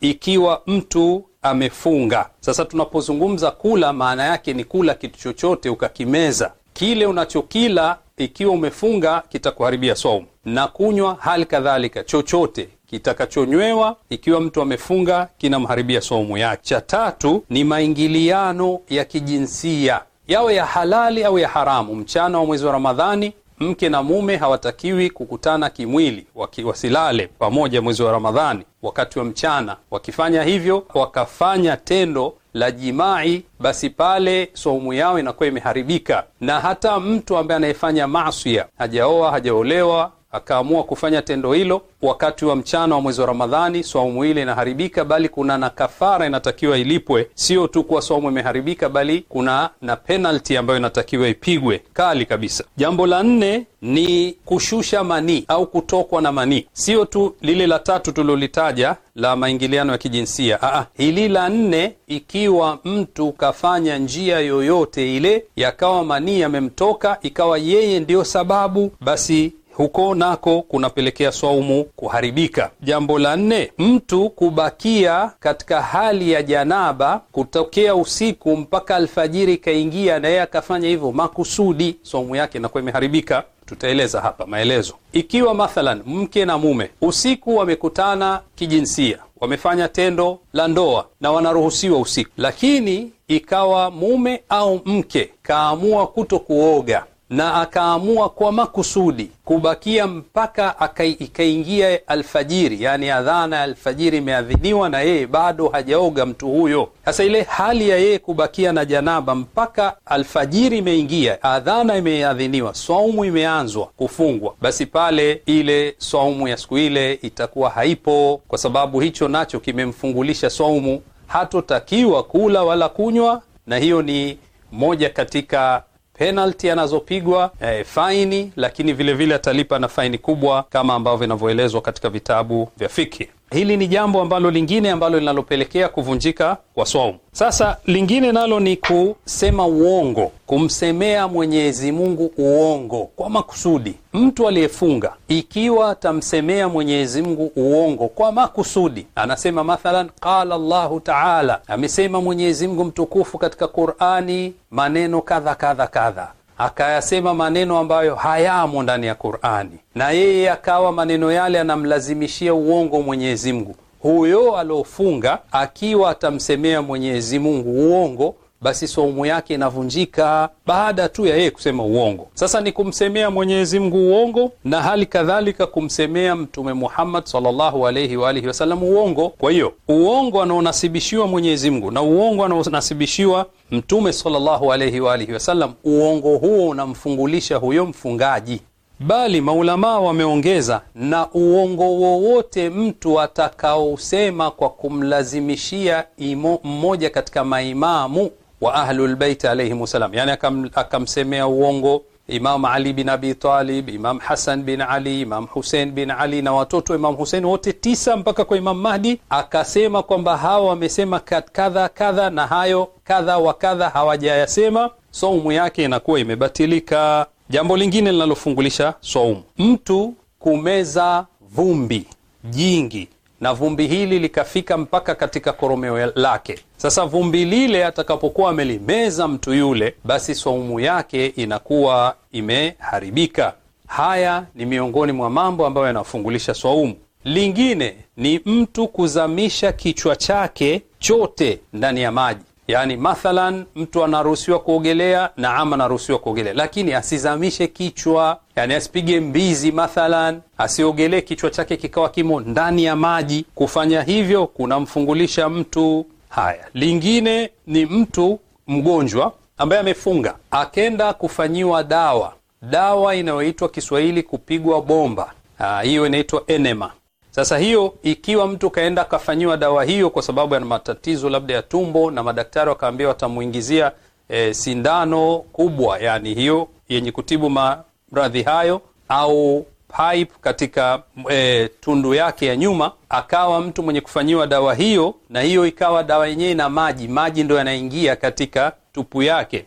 ikiwa mtu amefunga. Sasa tunapozungumza kula, maana yake ni kula kitu chochote ukakimeza. Kile unachokila ikiwa umefunga kitakuharibia saumu na kunywa hali kadhalika chochote kitakachonywewa ikiwa mtu amefunga kinamharibia somu yake. Cha tatu ni maingiliano ya kijinsia, yawe ya halali au ya haramu. Mchana wa mwezi wa Ramadhani mke na mume hawatakiwi kukutana kimwili, wasilale pamoja mwezi wa Ramadhani wakati wa mchana. Wakifanya hivyo, wakafanya tendo la jimai, basi pale somu yao inakuwa imeharibika. Na hata mtu ambaye anayefanya masia, hajaoa hajaolewa akaamua kufanya tendo hilo wakati wa mchana wa mwezi wa Ramadhani, swaumu ile inaharibika, bali kuna na kafara inatakiwa ilipwe. Sio tu kuwa swaumu imeharibika, bali kuna na penalti ambayo inatakiwa ipigwe kali kabisa. Jambo la nne ni kushusha manii au kutokwa na manii, sio tu lile la tatu tulilolitaja la maingiliano ya kijinsia. Aa, hili la nne, ikiwa mtu kafanya njia yoyote ile, yakawa manii yamemtoka, ikawa yeye ndiyo sababu, basi huko nako kunapelekea swaumu kuharibika. Jambo la nne, mtu kubakia katika hali ya janaba kutokea usiku mpaka alfajiri ikaingia, na yeye akafanya hivyo makusudi, swaumu yake inakuwa imeharibika. Tutaeleza hapa maelezo. Ikiwa mathalan mke na mume usiku wamekutana kijinsia, wamefanya tendo la ndoa na wanaruhusiwa usiku, lakini ikawa mume au mke kaamua kuto kuoga na akaamua kwa makusudi kubakia mpaka ikaingia alfajiri, yani adhana ya alfajiri imeadhiniwa na yeye bado hajaoga mtu huyo. Sasa ile hali ya yeye kubakia na janaba mpaka alfajiri imeingia, adhana imeadhiniwa, saumu imeanzwa kufungwa, basi pale ile saumu ya siku ile itakuwa haipo, kwa sababu hicho nacho kimemfungulisha saumu, hatotakiwa kula wala kunywa, na hiyo ni moja katika penalti anazopigwa eh, faini, lakini vilevile vile atalipa na faini kubwa kama ambavyo inavyoelezwa katika vitabu vya fiki. Hili ni jambo ambalo lingine ambalo linalopelekea kuvunjika kwa swaumu. Sasa lingine nalo ni kusema uongo, kumsemea Mwenyezi Mungu uongo kwa makusudi. Mtu aliyefunga ikiwa tamsemea Mwenyezi Mungu uongo kwa makusudi, anasema mathalan, qala Allahu taala, amesema Mwenyezi Mungu mtukufu katika Qurani maneno kadha kadha kadha akayasema maneno ambayo hayamo ndani ya Qur'ani, na yeye akawa maneno yale anamlazimishia uongo Mwenyezi Mungu, huyo aliofunga akiwa atamsemea Mwenyezi Mungu uongo basi saumu yake inavunjika baada tu ya yeye kusema uongo. Sasa ni kumsemea Mwenyezi Mungu uongo na hali kadhalika kumsemea Mtume Muhammad sallallahu alayhi wa alihi wasallam uongo. Kwa hiyo uongo anaonasibishiwa Mwenyezi Mungu na uongo anaonasibishiwa Mtume sallallahu alayhi wa alihi wasallam, uongo huo unamfungulisha huyo mfungaji bali maulamaa wameongeza na uongo wowote mtu atakaosema kwa kumlazimishia imo mmoja katika maimamu wa ahlul bait alayhimu salam, yani akam, akamsemea uongo Imam Ali bin Abi Talib, Imam Hasan bin Ali, Imam Husein bin Ali na watoto wa Imam Husein wote tisa mpaka kwa Imam Mahdi, akasema kwamba hawa wamesema kadha kadha na hayo kadha wa kadha hawajayasema, saumu yake inakuwa imebatilika. Jambo lingine linalofungulisha saumu, mtu kumeza vumbi jingi na vumbi hili likafika mpaka katika koromeo lake sasa vumbi lile atakapokuwa amelimeza mtu yule, basi swaumu yake inakuwa imeharibika. Haya ni miongoni mwa mambo ambayo yanafungulisha swaumu. Lingine ni mtu kuzamisha kichwa chake chote ndani ya maji. Yani, mathalan mtu anaruhusiwa kuogelea, na naam, anaruhusiwa kuogelea, lakini asizamishe kichwa, yani asipige mbizi mathalan, asiogelee kichwa chake kikawa kimo ndani ya maji. Kufanya hivyo kunamfungulisha mtu Haya, lingine ni mtu mgonjwa ambaye amefunga akenda kufanyiwa dawa, dawa inayoitwa Kiswahili kupigwa bomba. Aa, ah, hiyo inaitwa enema. Sasa hiyo ikiwa mtu kaenda akafanyiwa dawa hiyo kwa sababu ya matatizo labda ya tumbo, na madaktari wakaambia watamuingizia e, eh, sindano kubwa, yani hiyo yenye kutibu maradhi hayo, au pipe katika e, tundu yake ya nyuma, akawa mtu mwenye kufanyiwa dawa hiyo, na hiyo ikawa dawa yenyewe na maji maji ndo yanaingia katika tupu yake,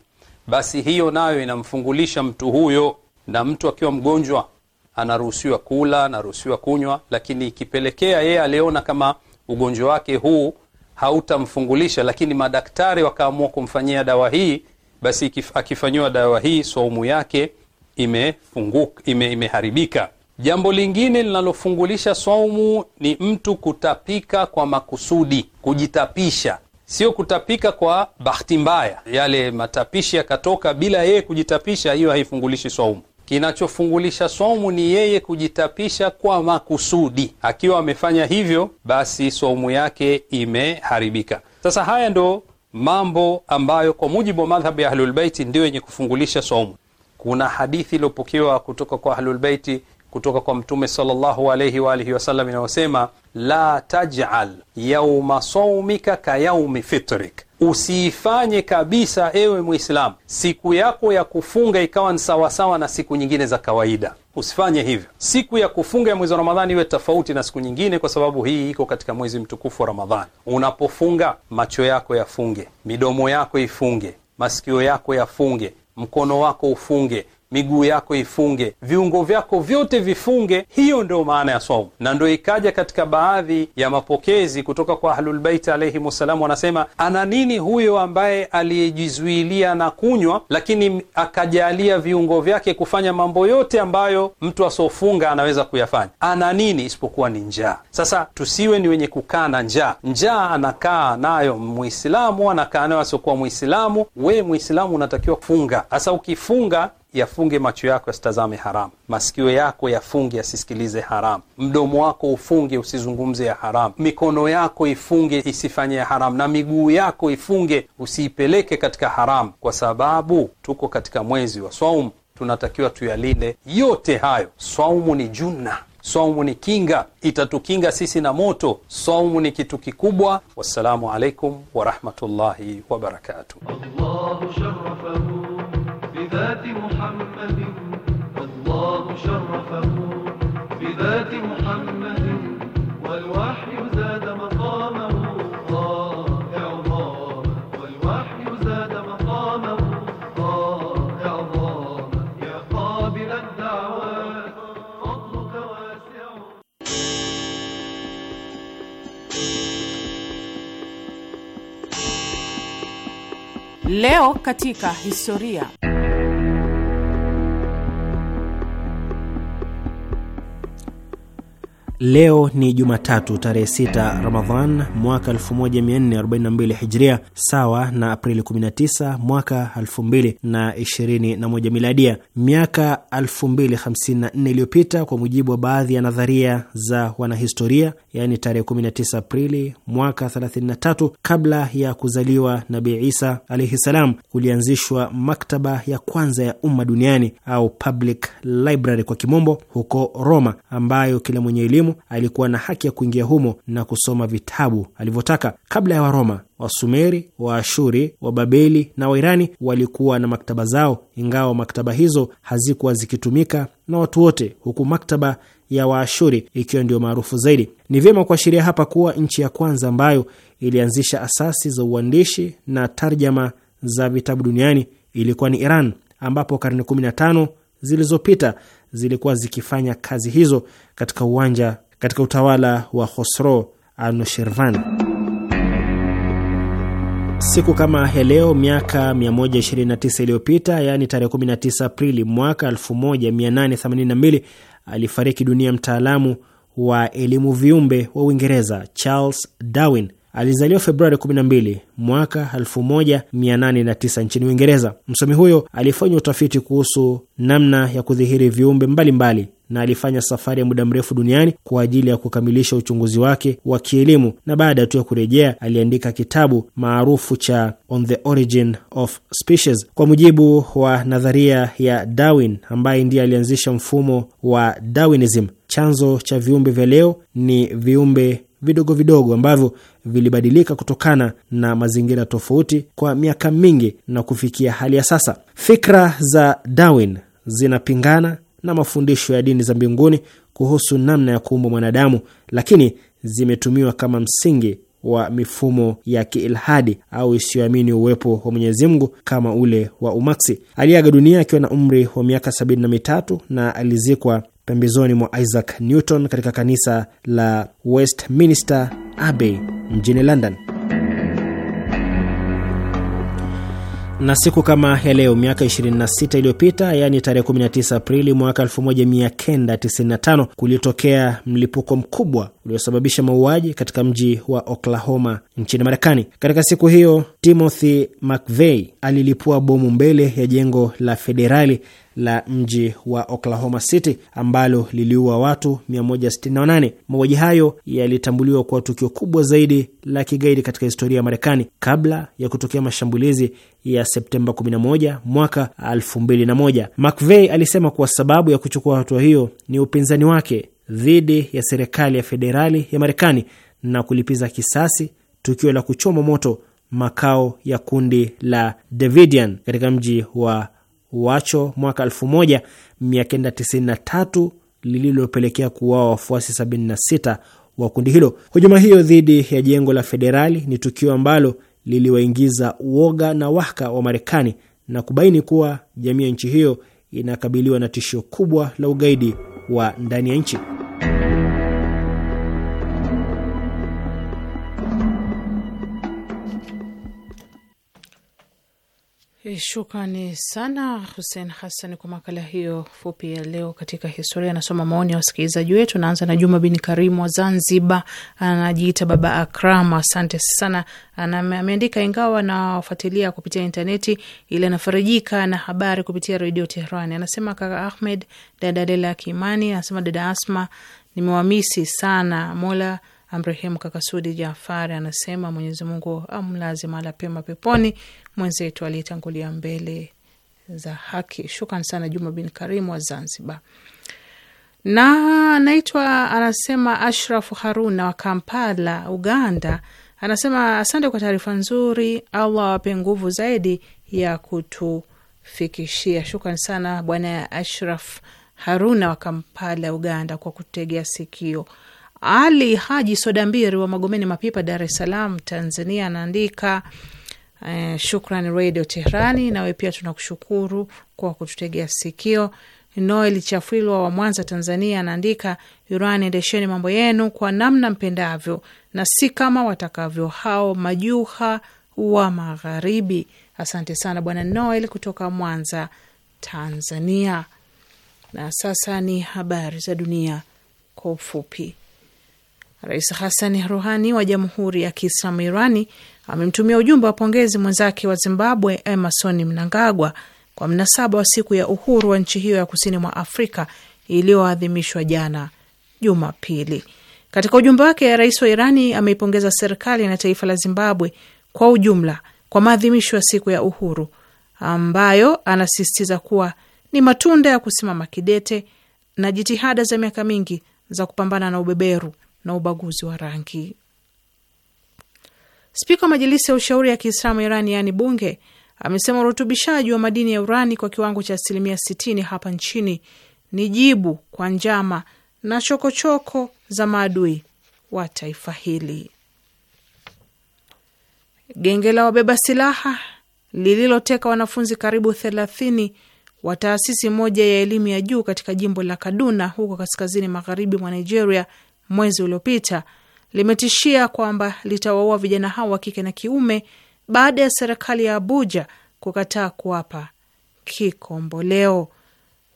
basi hiyo nayo inamfungulisha mtu huyo. Na mtu akiwa mgonjwa anaruhusiwa kula, anaruhusiwa kunywa, lakini ikipelekea yeye aliona kama ugonjwa wake huu hautamfungulisha, lakini madaktari wakaamua kumfanyia dawa hii, basi akifanyiwa dawa hii, somu yake imefunguka, ime, imeharibika. Jambo lingine linalofungulisha swaumu ni mtu kutapika kwa makusudi, kujitapisha, sio kutapika kwa bahati mbaya. Yale matapishi yakatoka bila yeye kujitapisha, hiyo haifungulishi swaumu Kinachofungulisha swaumu ni yeye kujitapisha kwa makusudi. Akiwa amefanya hivyo, basi saumu yake imeharibika. Sasa haya ndo mambo ambayo kwa mujibu wa madhhabu ya Ahlulbeiti ndio yenye kufungulisha swaumu Kuna hadithi iliyopokewa kutoka kwa Ahlulbeiti kutoka kwa Mtume sallallahu alayhi wa alihi wasallam inayosema, la taj'al yauma saumika ka yaumi fitrik, usiifanye kabisa ewe mwislam siku yako ya kufunga ikawa ni sawasawa na siku nyingine za kawaida. Usifanye hivyo. Siku ya kufunga ya mwezi wa Ramadhani iwe tofauti na siku nyingine, kwa sababu hii iko katika mwezi mtukufu wa Ramadhani. Unapofunga, macho yako yafunge, midomo yako ifunge, masikio yako yafunge, mkono wako ufunge miguu yako ifunge, viungo vyako vyote vifunge. Hiyo ndio maana ya saumu, na ndio ikaja katika baadhi ya mapokezi kutoka kwa Ahlulbeiti alaihim wassalam, wanasema ana nini huyo ambaye aliyejizuilia na kunywa, lakini akajalia viungo vyake kufanya mambo yote ambayo mtu asofunga anaweza kuyafanya? Ana nini isipokuwa ni njaa. Sasa tusiwe ni wenye kukaa na njaa. Njaa anakaa nayo Muislamu, anakaa nayo asiokuwa Muislamu. We Muislamu unatakiwa kufunga. Sasa ukifunga yafunge macho yako yasitazame haramu, masikio yako yafunge yasisikilize haramu, mdomo wako ufunge usizungumze ya haramu, mikono yako ifunge isifanye ya haramu, na miguu yako ifunge usiipeleke katika haramu, kwa sababu tuko katika mwezi wa swaumu. Tunatakiwa tuyalinde yote hayo. Swaumu ni junna, swaumu ni kinga, itatukinga sisi na moto. Swaumu ni kitu kikubwa. Wassalamu alaikum warahmatullahi wabarakatuh. بذات محمد والله شرفه بذات محمد والوحي زاد مقامه إعظاما والوحي زاد مقامه إعظاما يا قابل الدعوات فضلك واسع Leo katika historia. Leo ni Jumatatu tarehe 6 Ramadhan mwaka 1442 Hijria, sawa na Aprili 19 mwaka 2021 Miladia. Miaka 2054 iliyopita, kwa mujibu wa baadhi ya nadharia za wanahistoria, yaani tarehe 19 Aprili mwaka 33 kabla ya kuzaliwa Nabii Isa alaihi salam, kulianzishwa maktaba ya kwanza ya umma duniani au public library kwa kimombo, huko Roma, ambayo kila mwenye elimu elimu alikuwa na haki ya kuingia humo na kusoma vitabu alivyotaka. Kabla ya Waroma, Wasumeri, Waashuri, Wababeli na Wairani walikuwa na maktaba zao, ingawa maktaba hizo hazikuwa zikitumika na watu wote, huku maktaba ya Waashuri ikiwa ndio maarufu zaidi. Ni vyema kuashiria hapa kuwa nchi ya kwanza ambayo ilianzisha asasi za uandishi na tarjama za vitabu duniani ilikuwa ni Iran, ambapo karne 15 zilizopita zilikuwa zikifanya kazi hizo katika uwanja katika utawala wa Khosro Anushirvan. Siku kama ya leo miaka 129 iliyopita, yaani tarehe 19 Aprili mwaka 1882 alifariki dunia mtaalamu wa elimu viumbe wa Uingereza Charles Darwin Alizaliwa Februari 12 mwaka 1809 nchini Uingereza. Msomi huyo alifanya utafiti kuhusu namna ya kudhihiri viumbe mbalimbali mbali, na alifanya safari ya muda mrefu duniani kwa ajili ya kukamilisha uchunguzi wake wa kielimu, na baada tu ya kurejea aliandika kitabu maarufu cha On the Origin of Species. Kwa mujibu wa nadharia ya Darwin, ambaye ndiye alianzisha mfumo wa Darwinism, chanzo cha viumbe vya leo ni viumbe vidogo vidogo ambavyo vilibadilika kutokana na mazingira tofauti kwa miaka mingi na kufikia hali ya sasa. Fikra za Darwin zinapingana na mafundisho ya dini za mbinguni kuhusu namna ya kuumbwa mwanadamu, lakini zimetumiwa kama msingi wa mifumo ya kiilhadi au isiyoamini uwepo wa Mwenyezi Mungu kama ule wa Umaksi. Aliaga dunia akiwa na umri wa miaka sabini na mitatu na alizikwa pembezoni mwa Isaac Newton katika kanisa la Westminster Abbey mjini London. Na siku kama ya leo miaka 26 iliyopita, yaani tarehe 19 Aprili mwaka 1995, kulitokea mlipuko mkubwa uliosababisha mauaji katika mji wa Oklahoma nchini Marekani. Katika siku hiyo Timothy McVeigh alilipua bomu mbele ya jengo la federali la mji wa Oklahoma City ambalo liliua watu 168. Mauaji hayo yalitambuliwa kuwa tukio kubwa zaidi la kigaidi katika historia ya Marekani kabla ya kutokea mashambulizi ya Septemba 11 mwaka 2001. McVeigh alisema kuwa sababu ya kuchukua hatua hiyo ni upinzani wake dhidi ya serikali ya federali ya Marekani na kulipiza kisasi tukio la kuchoma moto makao ya kundi la Davidian katika mji wa Wacho mwaka 1993 lililopelekea kuuawa wafuasi 76 wa kundi hilo. Hujuma hiyo dhidi ya jengo la federali ni tukio ambalo liliwaingiza uoga na wahaka wa Marekani na kubaini kuwa jamii ya nchi hiyo inakabiliwa na tishio kubwa la ugaidi wa ndani ya nchi. Eh, shukrani sana Hussein Hassan kwa makala hiyo fupi ya leo katika historia. Anasoma maoni ya wasikilizaji wetu. Naanza na Juma bin Karimu wa Zanzibar, anajiita Baba Akram. Asante sana. Ameandika ingawa nawafuatilia kupitia intaneti, ili anafarijika na habari kupitia redio Teherani. Anasema kaka Ahmed, dada Lela Kimani, anasema dada Asma, nimewamisi sana. Mola amrehemu kaka Sudi Jafari. Anasema Mwenyezi Mungu amlaze mahala pema peponi mwenzetu aliyetangulia mbele za haki. Shukran sana Juma bin Karimu wa Zanzibar. Na anaitwa anasema Ashrafu Haruna wa Kampala, Uganda, anasema asante kwa taarifa nzuri, Allah awape nguvu zaidi ya kutufikishia. Shukran sana bwana Ashraf Haruna wa Kampala, Uganda, kwa kutegea sikio. Ali Haji Sodambiri wa Magomeni Mapipa, Dar es Salaam, Tanzania, anaandika Eh, shukran Radio Tehrani. Nawe pia tunakushukuru kwa kututegea sikio. Noel Chafwilwa wa Mwanza, Tanzania, anaandika Iran, endesheni mambo yenu kwa namna mpendavyo na si kama watakavyo hao majuha wa Magharibi. Asante sana Bwana Noel kutoka Mwanza, Tanzania. Na sasa ni habari za dunia kwa ufupi. Rais Hassan Ruhani wa Jamhuri ya Kiislamu Irani amemtumia ujumbe wa pongezi mwenzake wa Zimbabwe Emerson Mnangagwa kwa mnasaba wa siku ya uhuru wa nchi hiyo ya kusini mwa Afrika iliyoadhimishwa jana Jumapili. Katika ujumbe wake, rais wa Irani ameipongeza serikali na taifa la Zimbabwe kwa ujumla kwa maadhimisho ya siku ya uhuru ambayo anasisitiza kuwa ni matunda ya kusimama kidete na jitihada za miaka mingi za kupambana na ubeberu na ubaguzi wa rangi. Spika wa Majilisi ya Ushauri ya Kiislamu Irani, yaani bunge, amesema urutubishaji wa madini ya urani kwa kiwango cha asilimia sitini hapa nchini ni jibu kwa njama na chokochoko za maadui wa taifa hili. Genge la wabeba silaha lililoteka wanafunzi karibu thelathini wa taasisi moja ya elimu ya juu katika jimbo la Kaduna huko kaskazini magharibi mwa Nigeria mwezi uliopita limetishia kwamba litawaua vijana hao wa kike na kiume baada ya serikali ya Abuja kukataa kuwapa kikomboleo.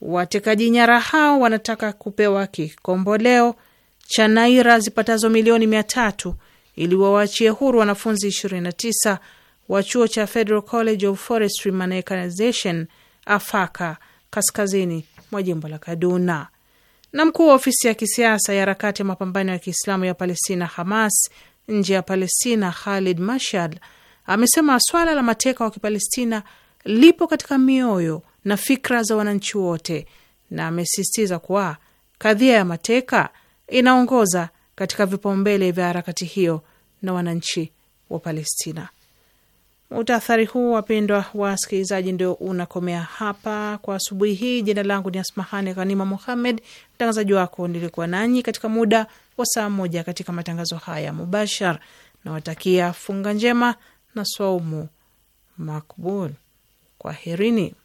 Watekaji nyara hao wanataka kupewa kikomboleo cha naira zipatazo milioni mia tatu ili wawaachie huru wanafunzi 29 wa chuo cha Federal College of Forestry and Mechanization, Afaka, kaskazini mwa jimbo la Kaduna. Na mkuu wa ofisi ya kisiasa ya harakati ya mapambano ya Kiislamu ya Palestina, Hamas, nje ya Palestina, Khalid Mashal, amesema swala la mateka wa Kipalestina lipo katika mioyo na fikra za wananchi wote, na amesisitiza kuwa kadhia ya mateka inaongoza katika vipaumbele vya harakati hiyo na wananchi wa Palestina. Utathari huu wapendwa wasikilizaji, ndio unakomea hapa kwa asubuhi hii. Jina langu ni Asmahani Ghanima Muhammed, mtangazaji wako nilikuwa nanyi katika muda wa saa moja katika matangazo haya mubashar. Nawatakia funga njema na swaumu makbul. Kwaherini.